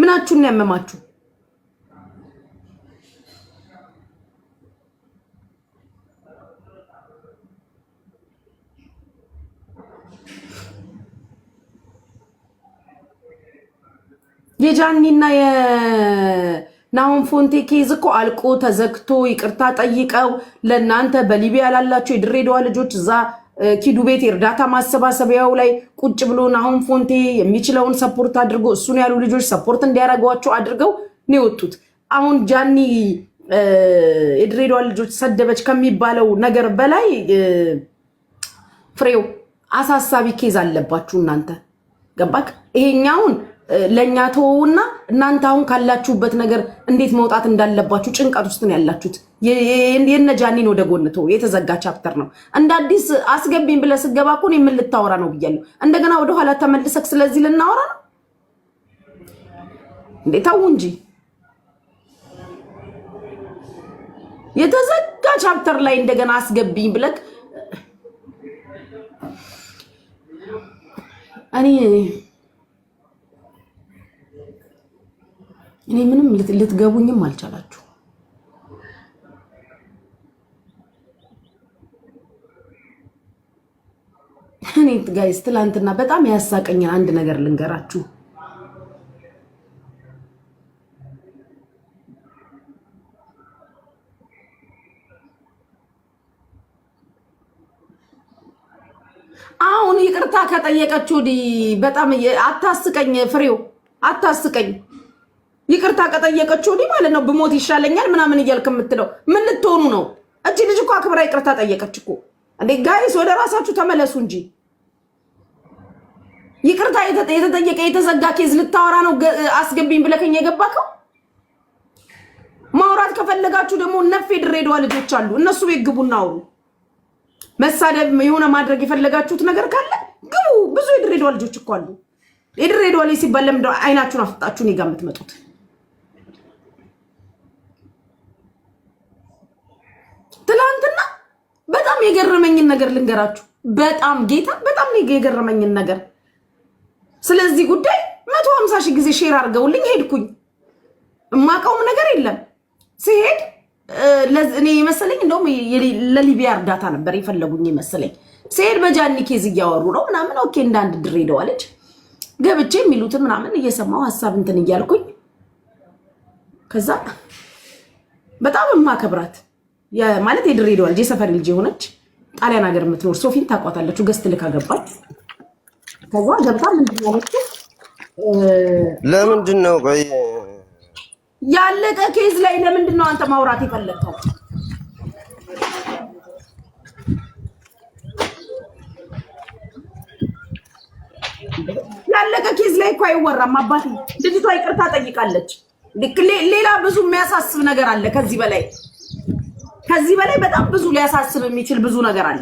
ምናችሁን ነው ያመማችሁ? የጃኒና የናሆም ፎንቴ ኬዝ እኮ አልቆ ተዘግቶ ይቅርታ ጠይቀው ለእናንተ በሊቢያ ላላቸው የድሬዳዋ ልጆች እዛ ኪዱ ቤት የእርዳታ ማሰባሰቢያው ላይ ቁጭ ብሎን አሁን ፎንቴ የሚችለውን ሰፖርት አድርጎ እሱን ያሉ ልጆች ሰፖርት እንዲያደርጓቸው አድርገው ነው የወጡት። አሁን ጃኒ የድሬዳዋ ልጆች ሰደበች ከሚባለው ነገር በላይ ፍሬው አሳሳቢ ኬዝ አለባችሁ እናንተ ገባክ? ይሄኛውን ለእኛ ተወውና እናንተ አሁን ካላችሁበት ነገር እንዴት መውጣት እንዳለባችሁ ጭንቀት ውስጥ ነው ያላችሁት። የነጃኒን ወደ ጎን ተወው፣ የተዘጋ ቻፕተር ነው። እንደ አዲስ አስገቢኝ ብለህ ስገባ እኮ እኔ ምን ልታወራ ነው ብያለሁ። እንደገና ወደኋላ ተመልሰክ ስለዚህ ልናወራ ነው እንዴ? ተው እንጂ የተዘጋ ቻፕተር ላይ እንደገና አስገቢኝ ብለክ እኔ እኔ ምንም ልትገቡኝም አልቻላችሁ። እኔ ጋይስ ትላንትና በጣም ያሳቀኝን አንድ ነገር ልንገራችሁ። አሁን ይቅርታ ከጠየቀችው ዲ በጣም አታስቀኝ፣ ፍሬው አታስቀኝ። ይቅርታ ከጠየቀችው ወዲህ ማለት ነው ብሞት ይሻለኛል ምናምን እያልክ የምትለው ምን ልትሆኑ ነው? እቺ ልጅ እኮ አክብራ ይቅርታ ጠየቀች እኮ እንዴ! ጋይስ ወደ ራሳችሁ ተመለሱ እንጂ ይቅርታ የተጠየቀ የተዘጋ ኬዝ ልታወራ ነው አስገቢኝ ብለከኝ የገባከው። ማውራት ከፈለጋችሁ ደግሞ ነፍ ድሬዳዋ ልጆች አሉ፣ እነሱ ቤት ግቡና አውሩ። መሳደብ የሆነ ማድረግ የፈለጋችሁት ነገር ካለ ግቡ። ብዙ የድሬዳዋ ልጆች እኮ አሉ። የድሬዳዋ ላይ ሲባል ለምንድን ነው አይናችሁን አፍጣችሁን ጋ የምትመጡት? ትላንትና በጣም የገረመኝን ነገር ልንገራችሁ። በጣም ጌታ በጣም የገረመኝን ነገር ስለዚህ ጉዳይ መቶ ሀምሳ ሺህ ጊዜ ሼር አድርገውልኝ ሄድኩኝ። እማቀውም ነገር የለም ሲሄድ እኔ የመሰለኝ እንደውም ለሊቢያ እርዳታ ነበር የፈለጉኝ የመሰለኝ። ሲሄድ በጃኒ ኬዝ እያወሩ ነው ምናምን ኦኬ፣ አንድ ድሬዳዋ ልጅ ገብቼ የሚሉትን ምናምን እየሰማው ሀሳብ እንትን እያልኩኝ ከዛ በጣም የማከብራት ማለት የድሬዳዋ ልጅ የሰፈር ልጅ የሆነች ጣሊያን ሀገር የምትኖር ሶፊን ታቋታለችሁ። ገስት ልካ ገባች። ከዛ ገብታ ምንድን ለምንድን ነው ቆይ ያለቀ ኬዝ ላይ ለምንድን ነው አንተ ማውራት የፈለግከው? ያለቀ ኬዝ ላይ እኮ አይወራም አባቴ። ልጅቷ ይቅርታ ጠይቃለች። ሌላ ብዙ የሚያሳስብ ነገር አለ ከዚህ በላይ ከዚህ በላይ በጣም ብዙ ሊያሳስብ የሚችል ብዙ ነገር አለ።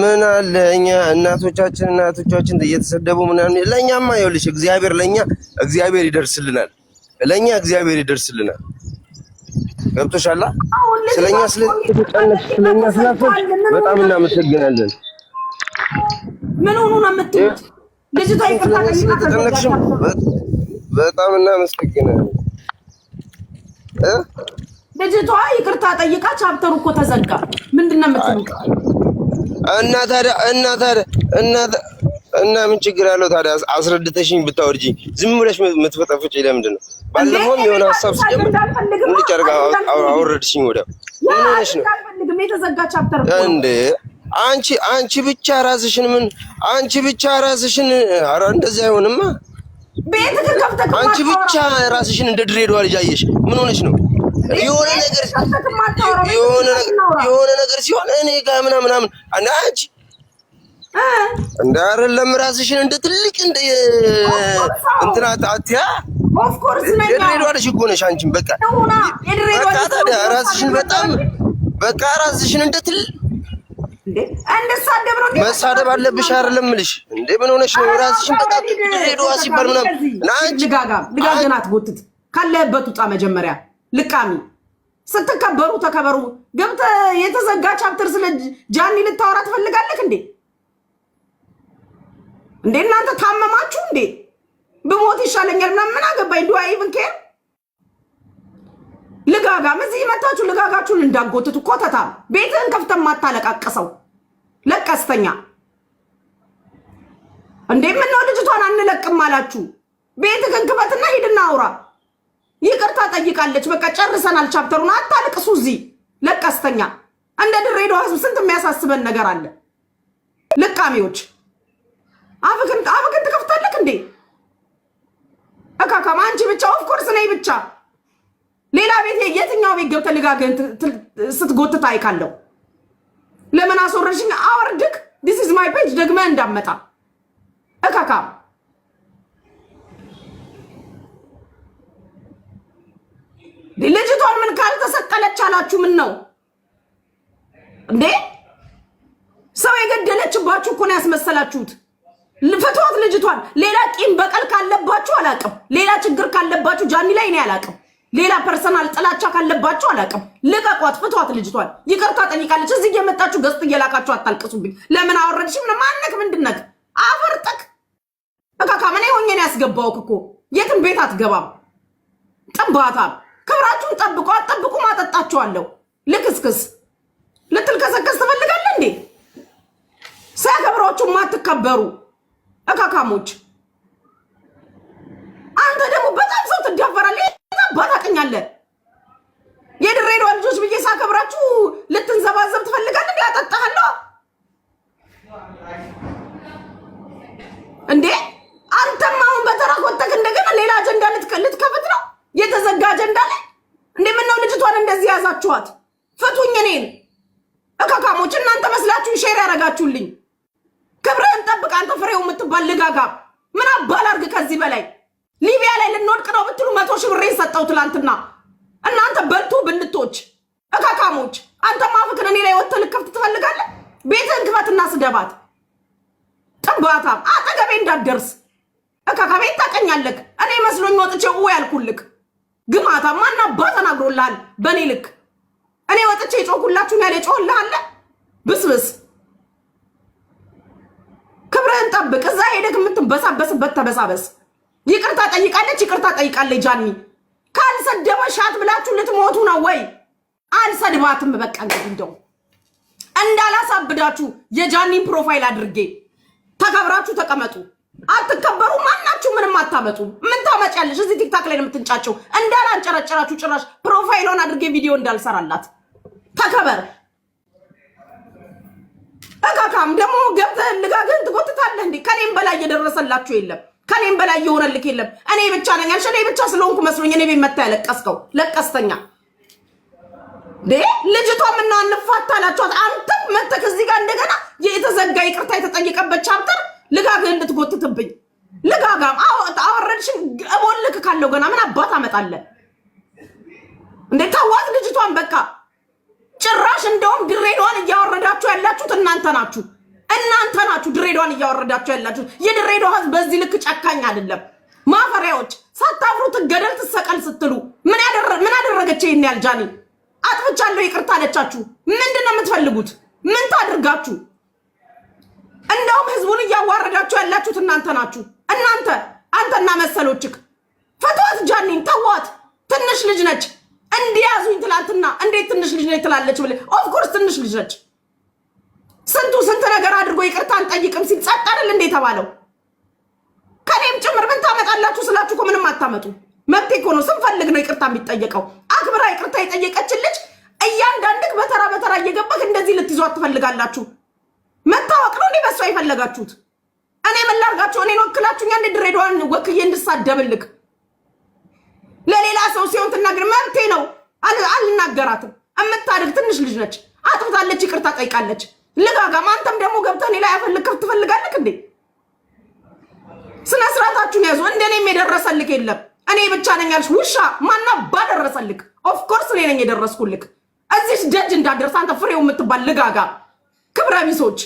ምን አለ እኛ እናቶቻችን እናቶቻችን እየተሰደቡ ምናምን ለእኛማ ይኸውልሽ እግዚአብሔር ለእኛ እግዚአብሔር ይደርስልናል። ለእኛ እግዚአብሔር ይደርስልናል። ገብቶሻላ። ስለኛ ስለተጨነቅሽ ስለኛ ስላሰብሽ በጣም እናመሰግናለን። ምን ሆኑ ነው የምትሉት? ልጅቷ ይቅርታ ስለተጨነቅሽም በጣም እናመሰግናለን። ልጅቷ ይቅርታ ጠይቃ ቻፕተሩ እኮ ተዘጋ። ምንድን ነው የምትሉት? እና ታዲያ እና ታዲያ እና እና ምን ችግር አለው ታዲያ? አስረድተሽኝ ብታወርጂ ዝም ብለሽ የምትፈጠፍጪ ለምንድን ነው? ባለፈውም የሆነ ሀሳብ ሲጀምር ሙልጭ አወረድሽኝ። ወዲያው ምን ሆነሽ ነው እንዴ? አንቺ አንቺ ብቻ ራስሽን ምን አንቺ ብቻ ራስሽን። ኧረ እንደዚህ አይሆንማ ቤት አንቺ ብቻ ራስሽን እንደ ድሬዳዋ ልጅ አየሽ። ምን ሆነሽ ነው? የሆነ ነገር የሆነ ነገር ሲሆን እኔ ጋር ምናምን ምናምን እና አንቺ እንደ አይደለም ራስሽን እንደ ትልቅ እንደ እንትና ኦፍ ኮርስ አትያ የድሬዳዋ ልጅ እኮ ነሽ አንቺም። በቃ በቃ ታዲያ ራስሽን በጣም በቃ ራስሽን እንደ ትልቅ መሳደብ አለብሽ አይደለም እልሽ። እንዴ ምን ሆነሽ ነው? ራስሽን በጣም ሲባል ምናምን ልጋገን አትጎትት። ካለህበት ውጣ መጀመሪያ። ልቃሚ ስትከበሩ ተከበሩ። ገብተህ የተዘጋ ቻፕተር ስለ ጃኒ ልታወራ ትፈልጋለህ እንዴ? እንዴ እናንተ ታመማችሁ እንዴ? ብሞት ይሻለኛል ምናምን ምን አገባኝ ዱዋይ ብንኬር ልጋጋም እዚህ መታችሁ ልጋጋችሁን እንዳጎትቱ ኮተታም ቤትህን ከፍተህ ማታለቃቅሰው ለቀስተኛ እንዴ ምነው ልጅቷን አንለቅም አላችሁ? ቤትህን ክፈትና ሂድና አውራ። ይቅርታ ጠይቃለች። በቃ ጨርሰናል ቻፕተሩን። አታልቅሱ እዚህ ለቀስተኛ። እንደ ድሬዳዋ ህዝብ ስንት የሚያሳስበን ነገር አለ። ልቃሚዎች አፍክን አፍክን ትከፍታለህ እንዴ? እካካም አንቺ ብቻ ኦፍኮርስ ነይ ብቻ ሌላ ቤት የትኛው ቤት ገብተ ልጋገን ስትጎትት አይካለው። ለምን አስወረድሽኝ? አወርድክ ዲስ ኢዝ ማይ ፔጅ ደግመ እንዳመጣ እካካ ልጅቷን ምን ካልተሰቀለች አላችሁ? ምን ነው እንዴ? ሰው የገደለችባችሁ እኮ ነው ያስመሰላችሁት። ፍትወት ልጅቷን። ሌላ ቂም በቀል ካለባችሁ አላቅም። ሌላ ችግር ካለባችሁ ጃኒ ላይ እኔ አላቅም። ሌላ ፐርሰናል ጥላቻ ካለባችሁ አላውቅም። ልቀቋት፣ ፍቷት፣ ልጅቷል ይቅርታ ጠይቃለች። እዚህ እየመጣችሁ ገዝት እየላካችሁ አታልቅሱብኝ። ለምን አወረድሽ? ምን ማነክ? ምንድነክ? አፈርጠቅ እካካ ምን ሆኜን ያስገባውክ እኮ የትም ቤት አትገባም። ጥባታ ክብራችሁን ጠብቁ። አጠብቁ ማጠጣችኋለሁ። ልክስክስ ልትልከሰከስ ትፈልጋለ እንዴ? ሲያከብሯችሁ ማትከበሩ እካካሞች። አንተ ደግሞ በጣም ሰው ትዳፈራል። አባት አቀኛለህ? የድሬዳዋ ልጆች ብዬ ሳከብራችሁ ልትንዘባዘብ ትፈልጋለህ? ያጠጣሃለሁ እንዴ አንተም አሁን በተራክ ወጥተህ እንደገና ሌላ አጀንዳ ልትከፍት ነው? የተዘጋ አጀንዳ ላይ እንዴ ልጅቷን እንደዚህ ያዛችኋት? ፍቱኝ እኔን እካካሞች እናንተ መስላችሁን ሼር ያደረጋችሁልኝ። ክብርህን ጠብቅ አንተ ፍሬው የምትባል ልጋጋ ምን አባል አድርግ ከዚህ በላይ ሊቢያ ላይ ልንወድቅ ነው ብትሉ መቶ ሺህ ብሬ ሰጠው ትላንትና። እናንተ በልቱ ብልቶች፣ እካካሞች። አንተማ ፍቅር እኔ ላይ ወጥተህ ልከፍት ትፈልጋለህ? ቤትህን ክፈትና ስደባት ጥባታም፣ አጠገቤ እንዳትደርስ እካካቤ ታቀኛለክ እኔ መስሎኝ ወጥቼ ው ያልኩልክ ግማታ ማና ባ ተናግሮልሃል በእኔ ልክ። እኔ ወጥቼ የጮኩላችሁን ያለ ጮልሃለ ብስብስ ክብረህን ጠብቅ። እዛ ሄደክ የምትበሳበስበት ተበሳበስ። ይቅርታ ጠይቃለች። ይቅርታ ጠይቃለች። ጃኒ ካልሰደበሻት ብላችሁ ልትሞቱ ነው ወይ? አልሰድባትም። በቃ እንግዲህ እንደው እንዳላሳብዳችሁ የጃኒን ፕሮፋይል አድርጌ ተከብራችሁ ተቀመጡ። አትከበሩ ማናችሁ፣ ምንም አታመጡ። ምን ታመጫለሽ? እዚህ ቲክታክ ላይ ነው የምትንጫቸው። እንዳላንጨረጨራችሁ ጭራሽ ፕሮፋይሏን አድርጌ ቪዲዮ እንዳልሰራላት ተከበር። እካካም ደግሞ ገብተህ ልጋግህን ትጎትታለህ እንዴ? ከኔም በላይ እየደረሰላችሁ የለም። ከኔም በላይ የሆነልክ የለም። እኔ ብቻ ነኝ ያልሽ እኔ ብቻ ስለሆንኩ መስሎኝ እኔ ቤት መታ ያለቀስከው ለቀስተኛ ዴ ልጅቷ ምና እንፋታላችኋት። አንተም መተክ እዚህ ጋር እንደገና የተዘጋ ይቅርታ የተጠየቀበት ቻፕተር ልጋግ እንድትጎትትብኝ ልጋጋም አወረድሽን እቦልክ ካለው ገና ምን አባት አመጣለን እንዴ? ተዋት ልጅቷን በቃ ጭራሽ እንደውም ድሬዳዋን እያወረዳችሁ ያላችሁት እናንተ ናችሁ። እናንተ ናችሁ ድሬዳዋን እያወረዳችሁ ያላችሁ። የድሬዳዋ ህዝብ በዚህ ልክ ጨካኝ አይደለም። ማፈሪያዎች ሳታፍሩት ገደል ትሰቀል ስትሉ ምን አደረገች? ይህን ያህል ጃኒ አጥፍቻለሁ ይቅርታ አለቻችሁ። ምንድን ነው የምትፈልጉት? ምን ታድርጋችሁ? እንደውም ህዝቡን እያዋረዳችሁ ያላችሁት እናንተ ናችሁ። እናንተ አንተና መሰሎችክ ፍቷት፣ ጃኒን ተዋት። ትንሽ ልጅ ነች። እንዲያዙኝ ትላንትና እንዴት ትንሽ ልጅ ነች ትላለች ብለህ ኦፍኮርስ ትንሽ ልጅ ነች። ስንቱ ስንት ነገር አድርጎ ይቅርታ አንጠይቅም ሲል ጸጥ አይደል እንደ የተባለው። ከኔም ጭምር ምን ታመጣላችሁ ስላችሁ እኮ ምንም አታመጡ። መብቴ እኮ ነው፣ ስንፈልግ ነው ይቅርታ የሚጠየቀው። አክብራ ይቅርታ የጠየቀችን ልጅ እያንዳንድክ በተራ በተራ እየገባክ እንደዚህ ልትይዟት ትፈልጋላችሁ። መታወቅ ነው እንዴ በሷ የፈለጋችሁት? እኔ ምን ላድርጋችሁ? እኔን ወክላችሁኛ እንደ ድሬዳዋን ወክዬ እንድሳደብልክ ለሌላ ሰው ሲሆን ትናገር መብቴ ነው። አልናገራትም። እምታድግ ትንሽ ልጅ ነች። አጥፍታለች፣ ይቅርታ ጠይቃለች። ልጋጋም አንተም ደግሞ ገብተህ እኔ ላይ አፈልክ ትፈልጋለህ እንዴ? ስነ ስርዓታችሁን ያዙ። እንደኔም የደረሰልክ የለም። እኔ ብቻ ነኝ ያልሽ ውሻ ማና ባደረሰልክ። ኦፍኮርስ እኔ ነኝ የደረስኩልክ። እዚህ ደጅ እንዳደርስ አንተ ፍሬው የምትባል ልጋጋ። ክብረ ቢሶች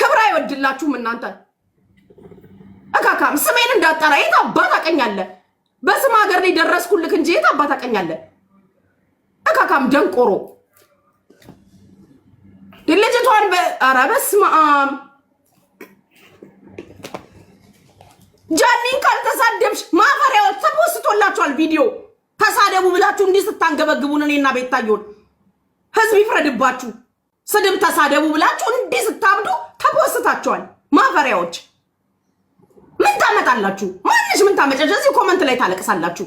ክብረ አይወድላችሁም እናንተ እካካም። ስሜን እንዳጠራ የት አባት አቀኛለህ? በስም ሀገር ላይ ደረስኩልክ እንጂ የት አባት አቀኛለህ? እካካም ደንቆሮ ልጅቷን ኧረ በስመ አብ ጃኒን ካልተሳደብሽ ማፈሪያዎች ተፖስቶላችኋል። ቪዲዮ ተሳደቡ ብላችሁ እንዲህ ስታንገበግቡን እኔና ቤታየውን ህዝብ ይፍረድባችሁ። ስድብ ተሳደቡ ብላችሁ እንዲህ ስታብዱ ተፖስታችኋል። ማፈሪያዎች ምን ታመጣላችሁ? ማንሽ ምን ታመጫለሽ? እዚህ ኮመንት ላይ ታለቅሳላችሁ።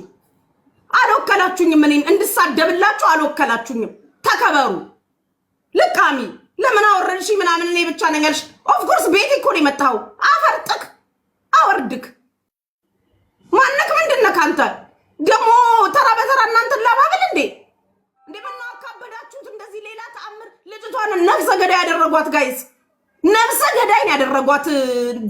አልወከላችሁኝም። እኔን እንድሳደብላችሁ አልወከላችሁኝም። ተከበሩ ልቃሚ ለምን አወረድሽ ምናምን እኔ ብቻ ነኝ ያልሽ። ኦፍኮርስ ቤት እኮ ነው የመጣኸው። አፈርጥክ አወርድክ ማነክ ምንድን ነህ አንተ? ደግሞ ተራ በተራ እናንተን ላባብል እንዴ እንዴ! ምነው አካበዳችሁት እንደዚህ ሌላ ተአምር። ልጅቷን ነፍሰ ገዳይ ያደረጓት ጋይዝ፣ ነፍሰ ገዳይን ያደረጓት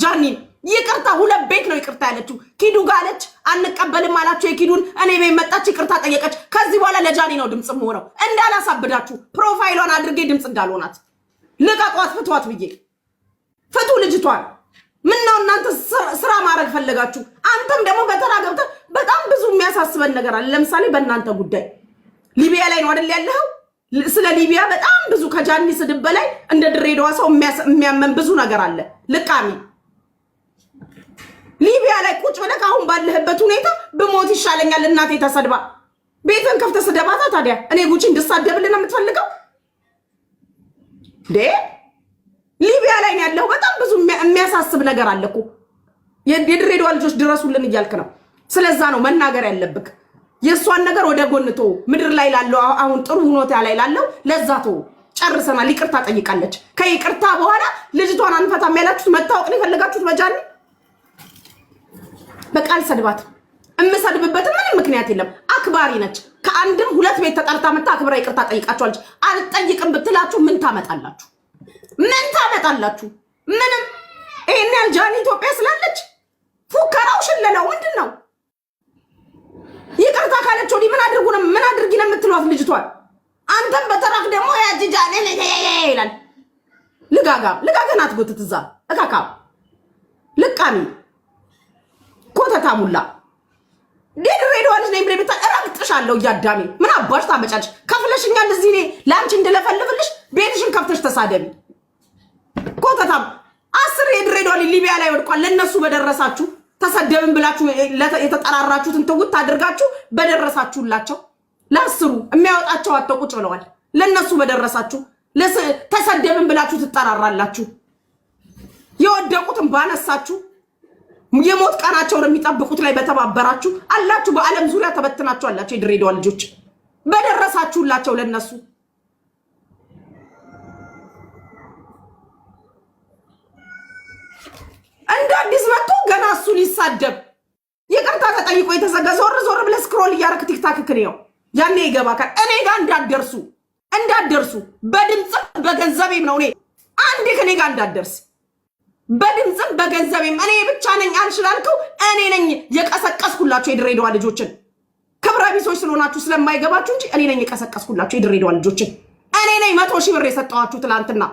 ጃኒን። ይቅርታ ሁለት ቤት ነው ይቅርታ ያለችው። ኪዱ ጋለች አንቀበልም አላቸው። የኪዱን እኔ ቤት መጣች ይቅርታ ጠየቀች። ከዚህ በኋላ ለጃኒ ነው ድምፅ የምሆነው። እንዳላሳብዳችሁ ፕሮፋይሏን አድርጌ ድምፅ እንዳልሆናት ልቀቋት፣ ፍቷት ብዬ ፍቱ ልጅቷን። ምነው እናንተ ስራ ማድረግ ፈለጋችሁ? አንተም ደግሞ በተራ ገብተህ በጣም ብዙ የሚያሳስበን ነገር አለ። ለምሳሌ በእናንተ ጉዳይ ሊቢያ ላይ ነው አይደል ያለኸው? ስለ ሊቢያ በጣም ብዙ ከጃኒ ስድብ በላይ እንደ ድሬዳዋ ሰው የሚያመን ብዙ ነገር አለ። ልቃሚ ሊቢያ ላይ ቁጭ ብለህ አሁን ባለህበት ሁኔታ ብሞት ይሻለኛል እናቴ ተሰድባ ቤትን ከፍተህ ስደባታ። ታዲያ እኔ ጉቺ እንድሳደብልን የምትፈልገው ዴ ሊቢያ ላይ ያለው። በጣም ብዙ የሚያሳስብ ነገር አለ እኮ የድሬዳዋ ልጆች ድረሱልን እያልክ ነው። ስለዛ ነው መናገር ያለብክ። የእሷን ነገር ወደ ጎንቶ ምድር ላይ ላለው አሁን ጥሩ ሁኔታ ላይ ላለው ለዛ ተው። ጨርሰናል። ይቅርታ ጠይቃለች። ከይቅርታ በኋላ ልጅቷን አንፈታም ያላችሁት መታወቅን የፈለጋችሁት መጃኒ በቃል ሰድባት። እምሰድብበትም ምንም ምክንያት የለም። አክባሪ ነች። አንድም ሁለት ቤት ተጠርታ መጣ አክብራ ይቅርታ ጠይቃችኋለች። አልጠይቅም ብትላችሁ ምን ታመጣላችሁ? ምን ታመጣላችሁ? ምንም። ይሄን ያህል ጃኒ ኢትዮጵያ ስላለች ፉከራው ሽለላው ምንድን ነው? ይቅርታ ካለች ወዲህ ምን አድርጉ ነው ምን አድርጊ ነው የምትሏት ልጅቷል? አንተም በተራፍ ደግሞ ያጅ ጃኒ ይላል። ልጋጋ ልጋገን አትጎትት እዛ እካካ ልቃሚ ኮተታ ሙላ ግን ሬድዋንስ ነኝ ብለህ ብታይ እረግጥሻለሁ። እያዳሜ ምን አባሽ ታመጫለሽ? ከፍለሽኛል። እዚህ እኔ ለአንቺ እንደለፈልፍልሽ ቤትሽን ከፍተሽ ተሳደቢ። ኮተታም አስር የድሬዳዋ ሊቢያ ላይ ወድቋል። ለእነሱ በደረሳችሁ ተሰደብን ብላችሁ የተጠራራችሁትን ትውት አድርጋችሁ በደረሳችሁላቸው ለአስሩ የሚያወጣቸው አጥተው ብለዋል። ለእነሱ በደረሳችሁ ተሰደብን ብላችሁ ትጠራራላችሁ። የወደቁትን ባነሳችሁ የሞት ቀናቸውን የሚጠብቁት ላይ በተባበራችሁ አላችሁ። በዓለም ዙሪያ ተበትናችሁ አላችሁ። የድሬዳዋ ልጆች በደረሳችሁላቸው ለነሱ እንደ አዲስ መጥቶ ገና እሱ ሊሳደብ ይቅርታ ተጠይቆ የተዘገ ዞር ዞር ብለህ ስክሮል እያደረክ ቲክታክ ክንየው ያኔ ይገባካል። እኔ ጋር እንዳደርሱ እንዳደርሱ በድምፅ በገንዘቤም ነው እኔ አንድ ከኔ ጋር እንዳደርስ በድምፅም በገንዘቤም እኔ ብቻ ነኝ አልችላልከው። እኔ ነኝ የቀሰቀስኩላቸው የድሬዳዋ ልጆችን ክብረ ቢሶች ስለሆናችሁ ስለማይገባችሁ እንጂ እኔ ነኝ የቀሰቀስኩላቸው የድሬዳዋ ልጆችን። እኔ ነኝ መቶ ሺህ ብር የሰጠኋችሁ ትላንትና።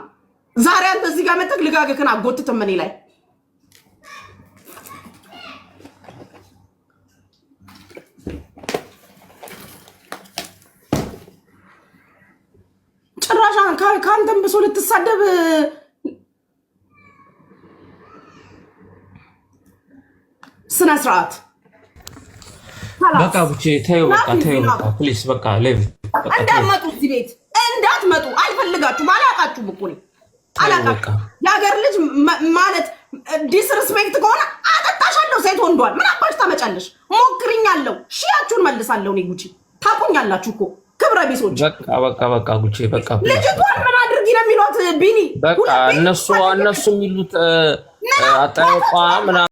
ዛሬ አንተ እዚህ ጋር መጥተህ ልጋግክን አጎትትም እኔ ላይ ጭራሽ ከአንተም ብሶ ልትሳደብ ስነ ስርዓት በቃ ቡቼ ተይው፣ በቃ ተይው፣ በቃ ፕሊስ፣ በቃ ሌቭ እንዳትመጡ፣ እዚህ ቤት እንዳትመጡ፣ አልፈልጋችሁም። አላውቃችሁም እኮ እኔ አላውቃችሁም። የሀገር ልጅ ማለት ዲስርስፔክት ከሆነ አጠጣሻለሁ። ሴት ወንዷል፣ ምን አባሽ ታመጫለሽ? ሞክርኛለሁ፣ ሺያችሁን መልሳለሁ። እኔ ጉቺ ታቁኛላችሁ እኮ ክብረ ቢሶች። በቃ በቃ በቃ ጉቼ በቃ ልጅቷን ምን አድርጊ ነው የሚሏት ቢኒ? በቃ እነሱ እነሱ የሚሉት አጠያቋ ምናምን